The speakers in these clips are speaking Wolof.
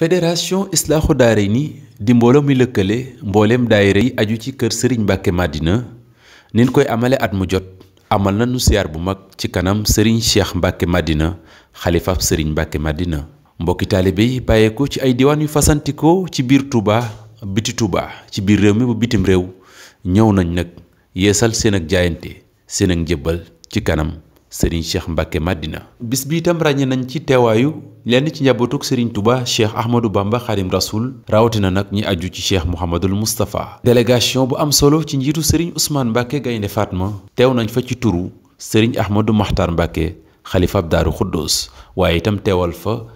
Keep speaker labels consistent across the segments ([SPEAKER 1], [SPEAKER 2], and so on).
[SPEAKER 1] fédération Islaahu Daarayni di mbooloo mi lëkkale mbooleem daayira yi aju ci kër sëriñ Mbàkke màddina nin koy amale at mu jot amal nañu siyaar bu mag ci kanam sëriñ Cheikh Mbàkke màddina xalifaab sëriñ Mbàkke màddina mbokki taalibe yi bàyyeekoo ci ay diwaan yu fasantikoo ci biir Touba biti Touba ci biir réew mi bu bitim réew ñëw nañ nag yeesal seen ak jaayante seen ak njëbbal ci kanam Serigne Cheikh Mbacke Madina bis bi itam ràññee nañ ci teewaayu lenn ci njabootuk Serigne Touba Cheikh Ahmadou Bamba Xadim Rasoul rawatina nag ñi aju ci Cheikh Mouhamadul Moustapha délégation bu am solo ci njiitu Serigne Ousmane Mbacke Gaynde Fatma teew nañ fa ci turu Serigne Ahmadou Makhtar Mbacke xalifab Daaru Xuddoos waaye itam teewal fa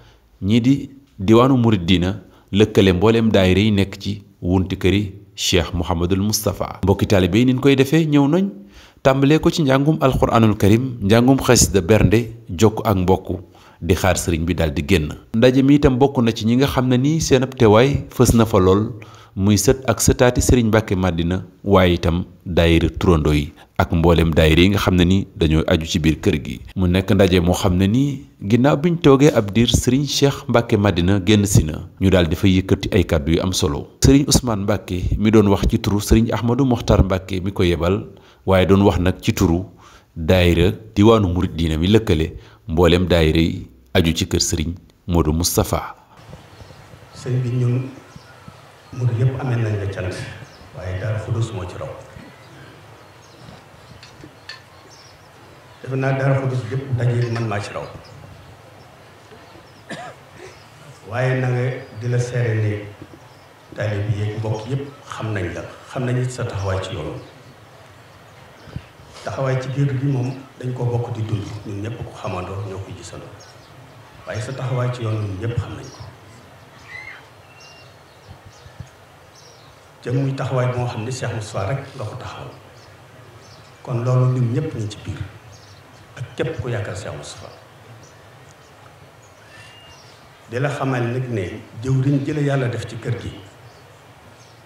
[SPEAKER 1] ñi di diwaanu Muridina lëkkale mbooleem daayira yi nekk ci wunti këri Cheikh Mouhamadul mustafaa mbokki taalibe yi nin koy defee ñëw nañ tàmbalee ko ci njàngum alxuraanul karim njàngum de bernde jokk ak mbokk di xaar sëriñ bi daal di génn ndaje mi itam bokk na ci ñi nga xam ne nii seen ab teewaay fës na fa lool muy sët ak sëtaati sëriñ Mbàkke Madina waaye itam daayira turandoo yi ak mboolem daayira yi nga xam ne ni dañoo aju ci biir kër gi mu nekk ndaje moo xam ne nii ginnaaw bi ñu toogee ab diir sëriñ Cheikh Mbàkke màddina génn si na ñu daal di fa yëkkati ay kàddu yu am solo sëriñ Ousmane Mbàkke mi doon wax ci turu sëriñ Ahmadou Mokhtar Mbàkke mi ko yebal waaye doon wax nag ci turu daayira diwaanu murit diina mi lëkkale mbooleem daayira yi aju ci kër sëriñ Modou Moustapha.
[SPEAKER 2] sëriñ bi ñun murit yëpp amee nañ la cant waaye daal xudus moo ci raw defe naa daal man maa ci raw waaye na di la seere ni taalib yi mbokk yëpp xam nañ la xam nañ sa taxawaay ci yoonu. taxawaay ci biir bi moom dañ koo bokk di dund ñun ñépp ko xamandoo ñoo koy gisandoo waaye sa taxawaay ci yoon ñun ñëpp xam nañ ko te muy taxawaay bi moo xam ne Cheikh Moustapha rek nga ko taxawal kon loolu ñun ñëpp ñu ci biir ak képp ku yaakaar Cheikh Moustapha di la xamal nag ne jëw jëwriñ jële yàlla def ci kër gi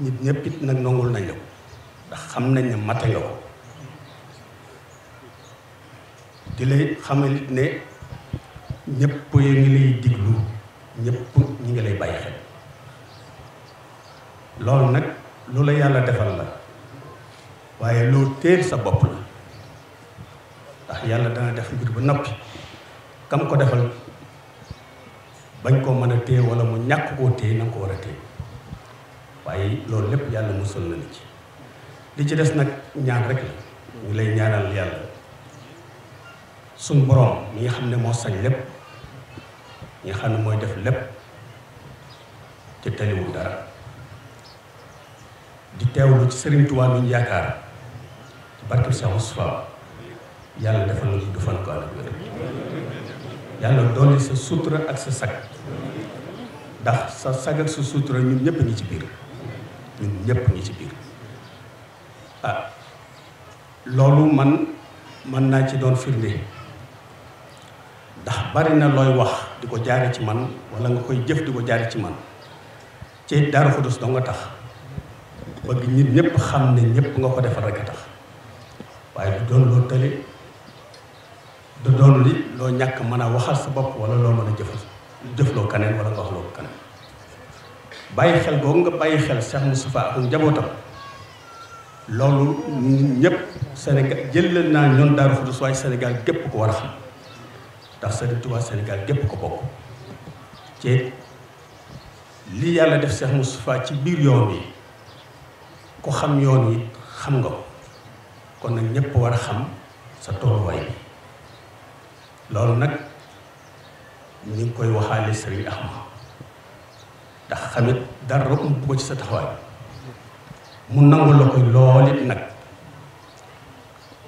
[SPEAKER 2] nit ñëpp it nag nongul nañ la ko ndax xam nañ ne mate nga ko di lay xamalit ne ñëpp yi ngi lay diglu ñëpp ñi ngi lay bàyyi xel loolu nag lu la yàlla defal la waaye loo téel sa bopp la ndax yàlla dana def mbir ba noppi kam ko defal bañ koo mën a téye wala mu ñàkk koo téye na ko war a téye waaye loolu lépp yàlla musal na ni ci li ci des nag ñaan rek la ñu lay ñaanal yàlla suñu boroom mi nga xam ne moo sañ lépp mi nga xam ne mooy def lépp te taliwul dara di teewlu ci Sëriñ Tuubaa mi ñu yaakaar ci barkeb Seex yàlla defal na du fan ko ànd ak wér yàlla dolli sa sutura ak sa sag ndax sa sag ak sa sutura ñun ñëpp ngi ci biir ñun ñëpp ngi ci biir ah loolu man mën naa ci doon firnde ndax bari na looy wax di ko jaare ci man wala nga koy jëf di ko jaare ci man ci Daaru Xudoos doo nga tax bëgg nit ñëpp xam ne ñëpp nga ko defal rek a tax waaye du doon loo tële du doon li loo ñàkk mën a waxal sa bopp wala loo mën a jëfal jëfloo kaneen wala nga wax loo kaneen bàyyi xel boobu nga bàyyi xel Cheikh Moustapha ak njabootam loolu ñëpp Sénégal jëlal naa ñoom Daaru Xudoos waaye Sénégal gépp ko war a xam ndax Sëriñ Tuubaa Sénégal gépp ko bokk ci li yàlla def Cheikh Moustapha ci biir yoon wi ku xam yoon wi xam nga ko kon nag ñépp war a xam sa tolluwaay bi loolu nag ñu ngi koy waxaale Sëriñ Ahmad ndax xamit dara ump ko ci sa taxawaay mu nangu la koy loolit nag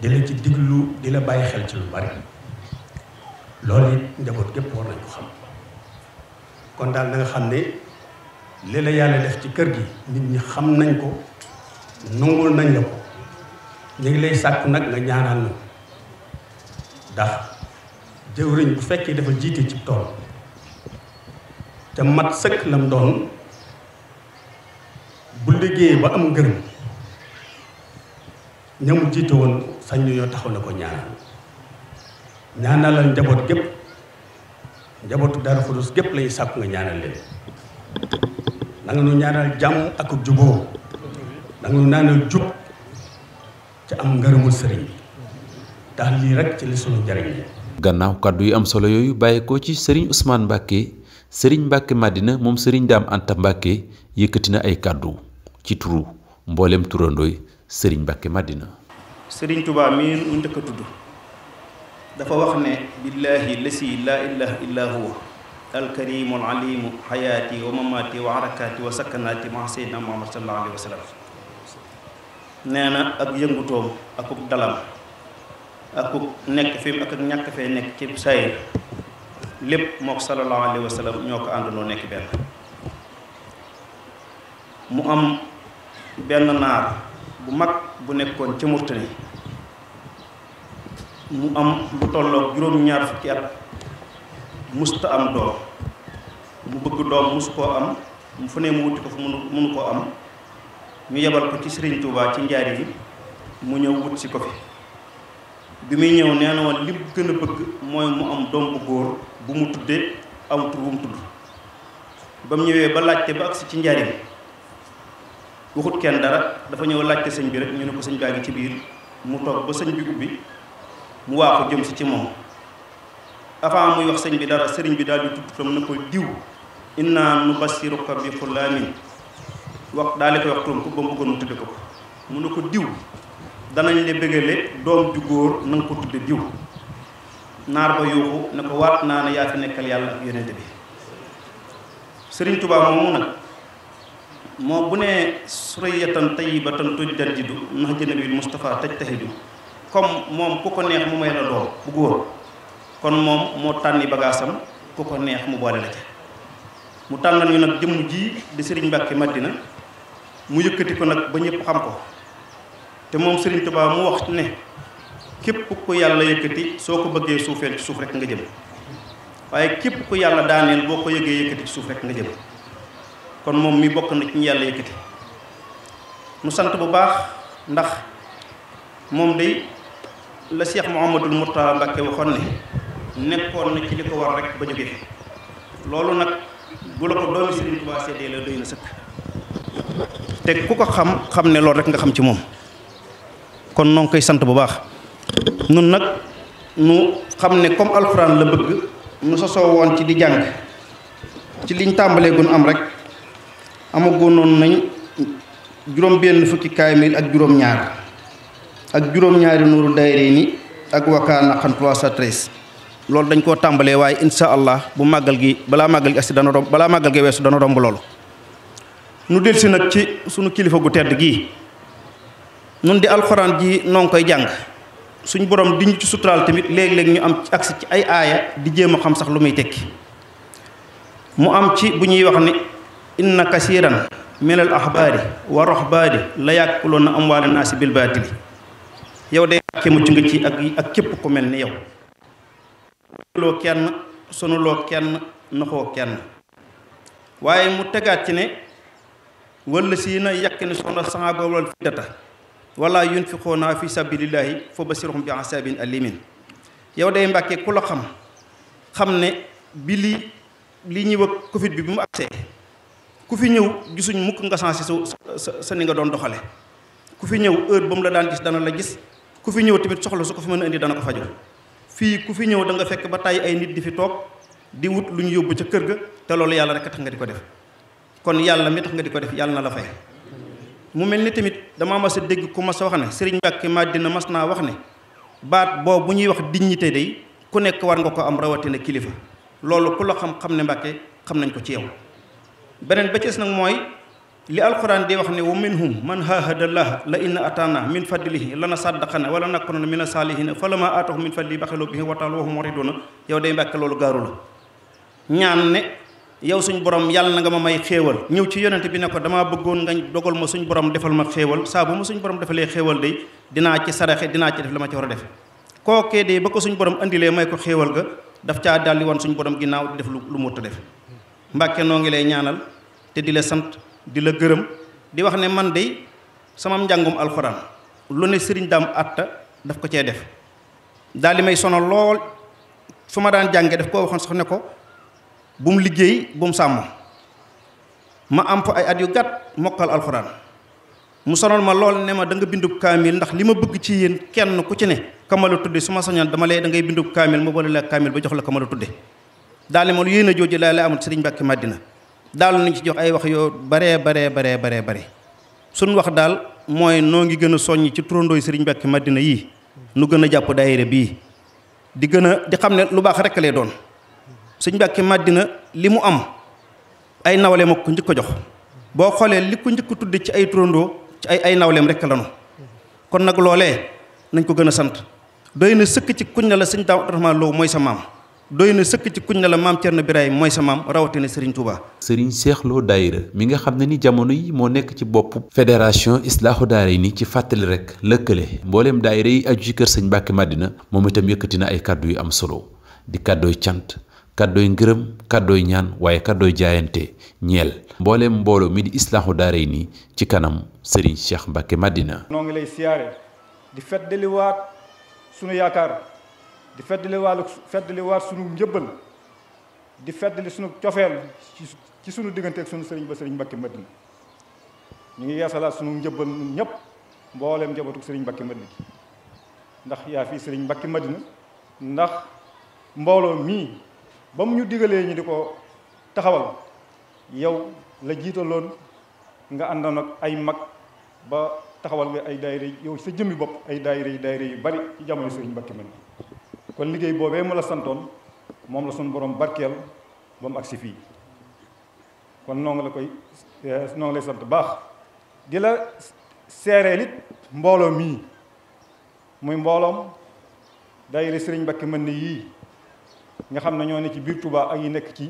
[SPEAKER 2] di ci diglu di la bàyyi xel ci lu bari loolu it njaboot gépp war nañ ko xam kon daal na xam ne li la yàlla def ci kër gi nit ñi xam nañ ko nungul nañ la ko ñu lay sàkku nag nga ñaanaan na ndax jëwriñ bu fekkee dafa jiite ci tool te mat sëkk lam doon bu liggéey ba am ngërëm ñamu jiite woon sañ ñoo taxaw na ko ñaanal ñaanalal njaboot gépp njabootu Daaru Xudoos gépp lay sàkku nga ñaanal nanga nu ñaanal jàmm ak juboo nanga nu ñaanal jub ci am ngërëmul sëriñ bi lii rek ci li sunu njariñ la
[SPEAKER 1] gannaaw kàddu yu am solo yooyu bàyyi ko ci sëriñ Ousmane Mbàkke sëriñ Mbàkke Madina moom sëriñ Daam Anta Mbàkke yëkkati na ay kàddu ci turu mboolem turandooy sëriñ Mbàkke Madina
[SPEAKER 3] sëriñ Touba mii nu njëkk a tudd dafa wax ne billaahi lasi laa ilaha illa huwa alkarimu alalimu xayaati wa mamaati wa harakaati wa sakkanaati ma seydina na ak yëngutoom akuk dalam ak ak nekk ci sayir mook sallallahu alayhi wa sallam ñoo mu am benn naar bu mag bu nekkoon ci murtani mu am lu tolloog juróom-ñaar fukki at musta am doom mu bëgg doom musu koo am mu fu ne mu wuti ko fu mënu mënu koo am ñu yebal ko ci sëriñ tuubaa ci njaari bi mu ñëw wut si ko fi bi muy ñëw nee na woon li mu gën a bëgg mooy mu am doom bu góor bu mu tuddee am tur bu mu tudd ba mu ñëwee ba laajte ba agsi ci njaari bi waxut kenn dara dafa ñëw laajte sëñ bi rek ñu ne ko sëñ baa ngi ci biir mu toog ba sëñ bi mu waa ko jëm si ci moom avant muy wax sëñ bi dara sëriñ bi daal di tudd tam na ko diw naa nu bas basiruka bi xulaamin wax daal di koy wax turam ko ba mu bëggoon mu tudde ko ko mu ne ko diw danañ le bëggale doom ju góor na nga ko tudde diw naar ba yuuxu ne ko waat naa ne yaa fi nekkal yàlla ak yonente bi sëriñ Tuubaa moomu nag moo bu ne suriyatan tayyibatan tuj darjidu nax jënabil Mustafa taj taxidu comme moom ku ko neex mu may la bu góor kon moom moo tànni bagaasam ku ko neex mu boole la ca mu tànnal ñu nag jëmm ji di Serigne Mbacke Madina mu yëkkati ko nag ba ñëpp xam ko te moom Serigne Touba mu wax ne képp ku yàlla yëkkati soo ko bëggee suufeel ci suuf rek nga jëm waaye képp ku yàlla daaneel boo ko yëgee yëkkati ci suuf rek nga jëm kon moom mi bokk na ci ñu yàlla yëkkati mu sant bu baax ndax moom day la Cheikh Mouhamadul Mourtada Mbacke waxoon ne nekkoon na ci li ko war rek ba jógee loolu nag bu la ko doomi Serigne Touba seedee la doy na sëkk te ku ko xam xam ne loolu rek nga xam ci moom kon noo ngi koy sant bu baax nun nag nu xam ne comme alxuraan la bëgg nu sosoo woon ci di jàng ci liñ tàmbalee gun am rek amagoon noonu nañ juróom benn fukki kaamil ak juróom ñaar ak juróom-ñaari nuuru daayira ni ak wakaana xam 313 loolu dañ koo tàmbalee waaye insha allah bu màggal gi balaa màggal gi asi dana romb balaa màggal gi si dana romb loolu nu delsi nag ci sunu kilifa gu tedd gii nun di alxuraan ji noo koy jàng suñ boroom di ñu ci suturaal tamit léeg-léeg ñu am accès ci ay aaya di jéem a xam sax lu muy tekki mu am ci bu ñuy wax ni inna kasiran min al ahbaari wa roxbaari la yàkkuloon na am naasi bil baatili yow day ke mucc nga ci ak képp ko mel ni yow loo kenn sunuloo kenn naxoo kenn waaye mu tegaat ci ne walla si na yàq ni soxna saxaaba wal fiddata wala yunfiquuna fi sabilillahi fa basirhum bi asabin alimin yow day mbàkke ku la xam ne bi li li ñuy wax covid bi bi mu agsee ku fi ñëw gisuñ mukk nga sensé sa sa ni nga doon doxale ku fi ñëw heure ba mu la daan gis dana la gis ku fi ñëw tamit soxla su ko fi mën a indi dana ko faju fii ku fi ñëw da nga fekk ba tàyyi ay nit di fi toog di wut lu ñu yóbbu ca kër ga te loolu yàlla rek tax nga di ko def kon yàlla mi tax nga di ko def yàlla na la fay mu mel ni tamit damaa mas sa dégg ku mas a wax ne Sëriñ Mbàkke Madina mas naa wax ne baat boobu bu ñuy wax dignité day ku nekk war nga ko am rawatina kilifa loolu ku la xam xam ne Mbàkke xam nañ ko ci yow beneen ba nag mooy li alquran di wax ne wa minhum man haahadallaha la in ataana min fadlihi lana saddaqana wala nakunana min saalihina fa lama aatahum min fadlihi baxilo bihi wa taala wa hum muriduna yow day mbàkke loolu gaaru la ñaan ne yow suñu borom yàlla na nga ma may xéewal ñëw ci yonente bi ne ko damaa bëggoon nga dogal ma suñu borom defal ma xéewal saa ma suñ borom defalee xéewal day dinaa ci saraxe dinaa ci def la ma ci war a def kookee de ba ko suñu borom andilee may ko xéewal ga daf caa dalli woon suñ borom ginnaaw di lu mu wut a def noo ngi lay ñaanal te di la sant di la gërëm di wax ne man de sama njàngum alxuraan lu ne sëriñ daam atta daf ko cee def daal di may sonal lool su ma daan jànge daf koo waxoon sax ne ko bu mu liggéey bu mu sàmm ma am fa ay at yu gàtt mokkal alxuraan mu sonal ma lool ne ma da nga bindub kaamil ndax li ma bëgg ci yéen kenn ku ci ne kama la tudde su ma soñoon dama lay da ngay bindub kaamil ma boole la kaamil ba jox la kama la tudde daal di ma lu yéen a jooju laa lay amul sëriñ Mbàkke Madina daal nañ ci jox ay wax yoo baree baree baree baree bare suñ wax daal mooy noo ngi gën soññ ci turandooy Sëriñ Mbàkke màddina yii nu gën a jàpp daayira bii di gën a di lu baax rekk lay doon Sëriñ Mbàkke Madina li mu am ay nawle ma ku njëkk jox boo xoolee li ku njëkk tudd ci ay turandoo ci ay ay nawleem rekk lanu kon nag loole nañ ko gën a sant doy na sëkk ci kuñ ne
[SPEAKER 1] la sëñ Daam Abdu Rahmaan mooy sa maam doy na sëkk
[SPEAKER 3] ci kuñ ne la maam Thierno Birahim mooy sa maam rawatina Serigne
[SPEAKER 1] Touba. Serigne Cheikh Lo Daïra mi nga xam ne ni jamono yi moo nekk ci bopp fédération yi nii ci fàttali rek lëkkale mbooleem daayira yi aju ci kër sëñ Mbàkke Madina moom itam yëkkati na ay kàddu yu am solo di kàddooy cant kàddooy ngërëm kàddooy ñaan waaye kàddooy jaayante ñeel mbooleem mbooloo mi di yi nii ci kanam sëriñ Cheikh Mbàkke Madina.
[SPEAKER 4] di feddali wàllu feddali waat sunu njëbbal di feddali sunu cofeel ci sunu diggante ak sunu sëriñ ba sëriñ Mbacke Madina ñu ngi yeesalaat sunu njëbbal ñun ñëpp mbooleem njabootu sëriñ Mbacke Madina ndax yaa fii sëriñ Mbacke Madina ndax mbooloo mii ba mu ñu digalee ñu di ko taxawal yow la jiitaloon nga àndoon ak ay mag ba taxawal nga ay daayira yow sa jëmmi bopp ay daayira yu daayira yu bari ci jamono sëriñ Mbacke Madina kon liggéey boobee mu la santoon moom la suñu borom barkeel ba mu agsi fii kon noo la koy eh, noo ngi lay sant baax di la seereel it mbooloo mii muy mbooloom daayira sëriñ Mbacke mën na yii nga xam ne ñoo ne ci biir tubaa ak yi nekk ci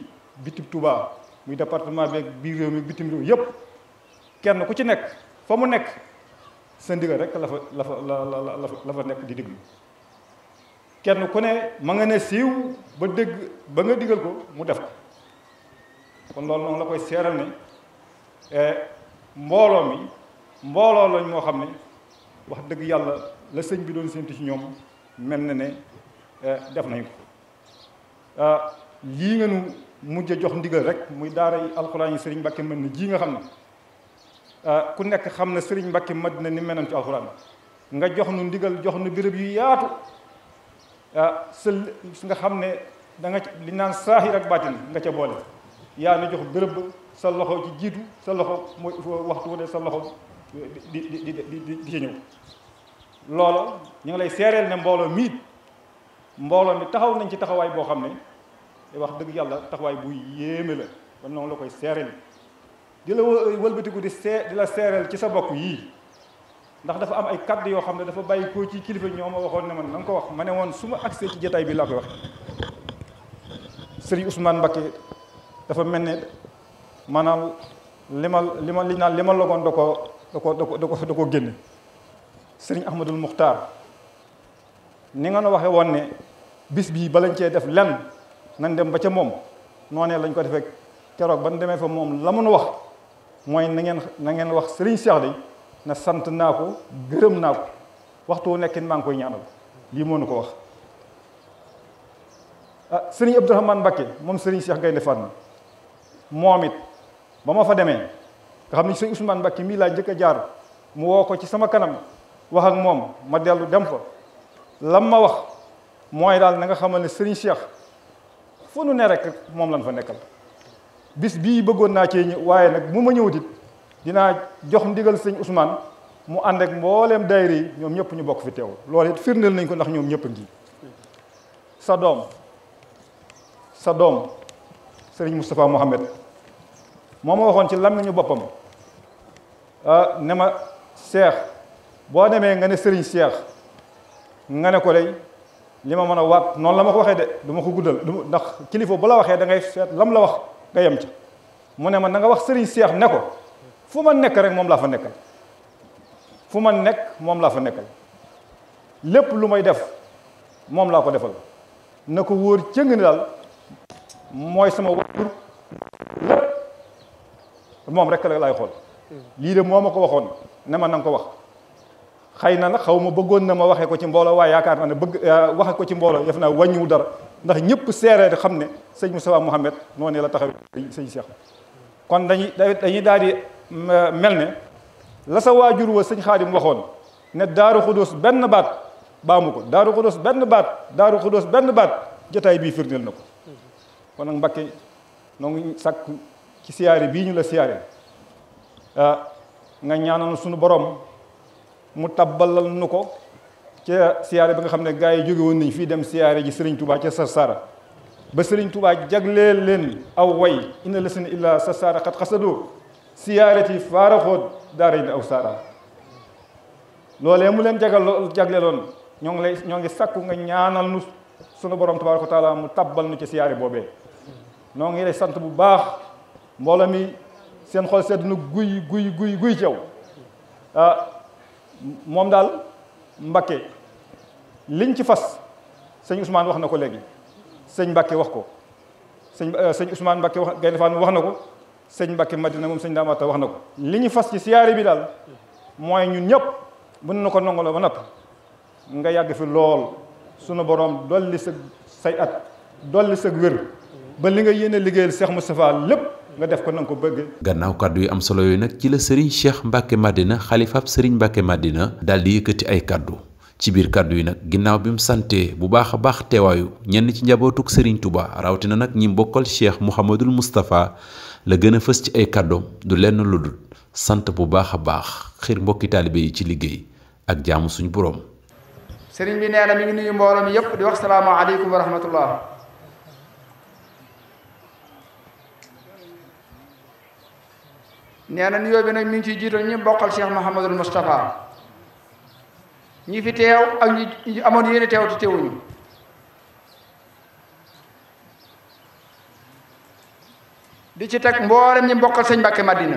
[SPEAKER 4] bitim Touba muy département bi ak biir réew mi bitim réew yëpp kenn ku ci nekk fa mu nekk sa ndigal rek la fa la fa la la la fa nekk di déglu kenn ku ne ma nga ne siiw ba dégg ba nga digal ko mu def ko kon loolu noonu la koy seeral ne eh, mbooloo mi mbooloo lañ moo xam ne wax dëgg yàlla la sëñ bi doon séntu ci ñoom mel na ne eh, def nañu ko ah, lii nga nu mujj jox ndigal rek muy daara yi alxuraan yi sëriñ Mbàkke mën na ji nga xam ne ah, ku nekk xam na sëriñ Mbàkke na ni menam ci alxuraan nga jox nu ndigal jox nu béréb yu yaatu Euh, si nga xam ne danga nga li naan saahir ak baatin nga ca boole yaa na jox bërëb sa loxo ci jiitu sa loxo mooy waxtu wane sa loxo di di di di di ci ñëw loolu ñu ngi lay seereel ne mbooloo miit mbooloo mi taxaw nañ ci taxawaay boo xam ne wax dëgg yàlla taxawaay bu yéeme la kon noonu la koy seereel di la wëlbatiku di see di la seereel ci sa bokk yii ndax dafa am ay kàdd yoo xam ne dafa bàyyi koo ci kilifa ñoo ma waxoon ne man na nga ko wax ma ne woon su ma agsee ci jataay bi laa koy wax sëriñ Ousmane Mbakke dafa mel ne maanaam li ma li ma li naan li ma logoon da koo da ko da ko da ko da koo génne sëriñ Ahmadul Muxtaar ni nga no waxe woon ne bis bii balañ cee def lenn nañ dem ba ca moom noonee lañ ko defee keroog ban demee fa moom la mun wax mooy na ngeen na ngeen wax sëriñ Cheikh day na sant naa ko gërëm naa ko waxtu wu nekkin maa ngi koy ñaanal lii moo nu ko wax ah sëriñ Abdourahmane Mbacké moom sëriñ Cheikh Gaynde Fatma moom it ba ma fa demee nga xam ne sëriñ Ousmane Mbacké mii laa njëkk jaar mu woo ko ci sama kanam wax ak moom ma dellu dem fa lam ma wax mooy daal na nga xamal ne sëriñ Cheikh fu nu ne rek moom lan fa nekkal bis bii bëggoon naa cee ñëw waaye nag mu ma ñëw dit dinaa jox ndigal sëñ Ousmane mu ànd ak mbooleem daayira yi ñoom ñëpp ñu bokk fi teew loolu it firndeel nañ ko ndax ñoom ñëpp a ngi sa doom sa doom sëriñ Moustapha Mohamed moo ma waxoon ci làmmiñu boppam ah, ne ma seex boo demee nga ne sëriñ seex nga ne ko lay li ma mën a waat noonu la ma ko waxee de du ma ko guddal du ndax kilifa bu la waxee da ngay seet lam la wax nga yem ca mu ne ma na nga wax sëriñ seex ne ko fu ma nekk rek moom laa fa nekkal fu moom laa fa nekkal lépp lu may def moom laa ko defal na ko wóor cëng ni daal mooy sama waajur moom rek la laay xool lii de moo ma ko waxoon ne ma nanga ko wax xay na nag xaw ma bëggoon na ma waxee ko ci mboolo waaye yaakaar naa ne bëgg euh, waxe ko ci mbooloo def naa wàññiwu dara ndax ñëpp seeree xam ne sëñ Moustapha Mouhamed noonu la taxaw sëñ Cheikh kon dañuy dañuy daal di Euh, mel ne la sa waajur wa sëñ xaadim waxoon ne daaru xudus benn baat baamu ko daaru xudus benn baat daaru xudus benn baat jotaay bii firndeel na ko kon nag mbakke noo ngi siyaare bii ñu la siyaare ah, nga ñaanal suñu borom mu tabbalal nu ko ca siyaare bi nga xam ne gars yi jóge woon nañ fii dem siyaare ji sëriñ Touba ca Sarsara ba sëriñ Touba jagleel leen aw way ina la seen illaa Sarsara xat xasadoo siyaarati faaraxoot daarayn aw saara loolee mu leen jagal jagleloon ñoo ngi lay ñoo ngi sakku nga ñaanal nu sunu borom tabaaraka wa mu tabbal nu ci siyaare boobee noo ngi lay sant bu baax mbooloo mi seen xool sedd na guy guy guy guy cew ah, moom daal Mbakke liñ ci fas sëñ Ousmane wax na ko léegi sëñ Mbakke wax ko sëñ euh, sëñ Ousmane Mbakke wax Gaynde Fatma wax na ko sëñ Mbacke màddina moom sëñ Daamata wax na ko li ñu fas ci siyaare bi daal mooy ñun ñëpp mën na ko nongaloo ba noppi nga yàgg fi lool sunu boroom dolli sa say at dolli sa wér ba li nga yéene liggéeyal Cheikh Moustapha lépp nga def ko na ko bëgg
[SPEAKER 1] gannaaw kàddu yu am solo yooyu nag ci la Serigne Cheikh Mbacke màddina xalifaab sëriñ Mbacke màddina daal di yëkkati ay kàddu ci biir kàddu yi nag ginnaaw bi mu santee bu baax a baax teewaayu ñenn ci njabootuk Serigne Touba rawatina nag ñi mbokkal Cheikh Mouhamadul Moustapha la gën a fës ci ay kàddoom du lenn lu dul sant bu baax a baax xiir mbokki taalibe yi ci liggéey ak jaamu suñu boroom.
[SPEAKER 5] sëriñ bi nee na mi ngi nuyu mbooloo mi yëpp di wax salaamaaleykum wa rahmatullah. nee na nuyoo bi nag mi ngi ciy jiital ñi bokkal Cheikh Mouhamadul Moustapha ñi fi teew ak ñi amoon yéen teew te teewuñu. di ci teg mboolem ñi mbokkal sëñ Mbàkke Madina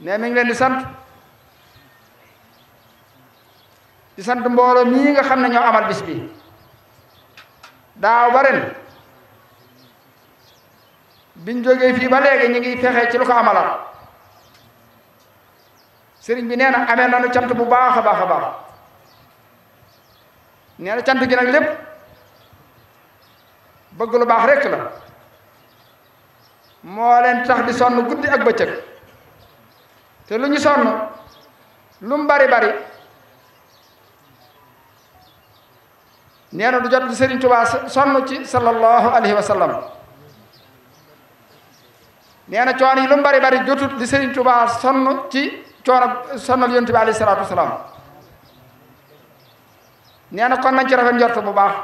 [SPEAKER 5] ne mi ngi leen di sant di sant mbooloo mii nga xam ne ñoo amal bis bi daaw ba ren biñ jógee fii ba léegi ñu ngi fexe ci lu ko amalaat sëriñ bi nee na amee nañu cant bu baax a baax a baax nee na cant gi nag lépp bëgg lu baax rekk la moo leen tax di sonn guddi ak bëccëg te lu ñu sonn lu mu bari bari nee na du jot di Sëriñ Tuubaa sonn ci sallallahu alayhi wa sallam nee na yi lu mu bari bari jotut di Sëriñ Tuubaa sonn ci coono sonnal yonent bi alayhi salaatu wa salaam nee na kon nañ ci rafet njort bu baax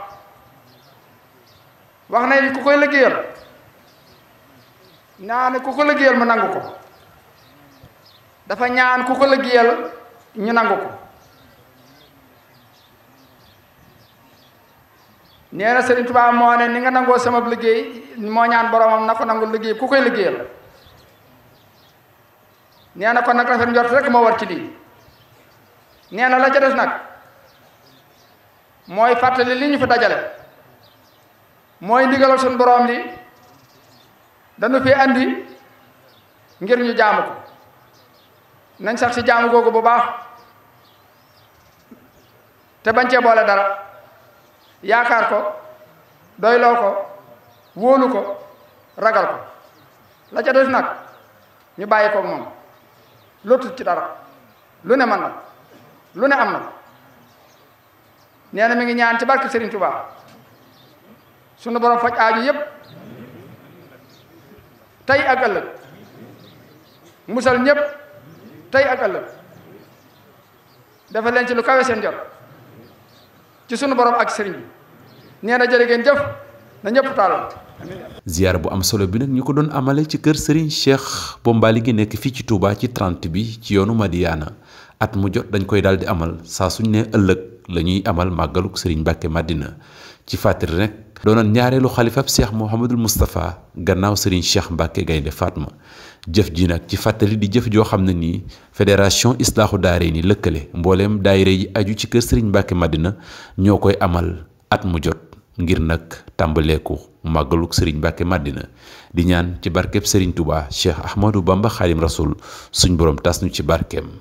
[SPEAKER 5] wax na ku koy liggéeyal ñaane ku ko liggéeyal mu nangu ko dafa ñaan ku ko liggéeyal ñu nangu ko nee na tubaab Tuubaa moo ne ni nga nangoo sama liggéey moo ñaan boromam na ko nangu liggéey ku koy liggéeyal nee na kon nag rafet njort rek moo war ci lii nee na la ca nag mooy fàttali li ñu fi dajale mooy ndigalal suñu borom li dañu fi andi ngir ñu jaamu ko nañ sax ci jaamu googu bu baax te bañ cee boole dara yaakaar ko doyloo ko wóolu ko ragal ko la ca des nag ñu bàyyi ko moom lotut ci dara lu ne man na lu ne am na nee na mi ngi ñaan ci barke Serigne su sunu borom faj aaju yépp tey ak ëllëg musal ñëpp tey ak ëllëg dafa leen ci lu kawe seen jot ci sunu borom ak sëriñ bi nee na jërë jëf na ñëpp taalal
[SPEAKER 1] ziar bu am solo bi nag ñu ko doon amale ci kër sëriñ Cheikh Bombali gi nekk fii ci tuubaa ci 30 bi ci yoonu madiyaana at mu jot dañ koy daal di amal saa suñ ne ëllëg la ñuy amal màggaluk Serigne Mbacke Madina ci fàttali rek doonoon ñaareelu xalifab cheikh Mouhamadul Moustapha gannaaw Serigne Cheikh Mbacke Gaynde Fatma jëf ji nag ci fàttali di jëf joo xam ne nii fédération Islaahu Daarayni lëkkale mbooleem daayira yi aju ci kër Serigne Mbacke Madina ñoo koy amal at mu jot ngir nag tàmbaleeku màggaluk Serigne Mbacke Madina di ñaan ci barkeb Serigne Touba Cheikh Ahmadou Bamba Xaadim Rasoul suñ borom tas ñu ci barkeem.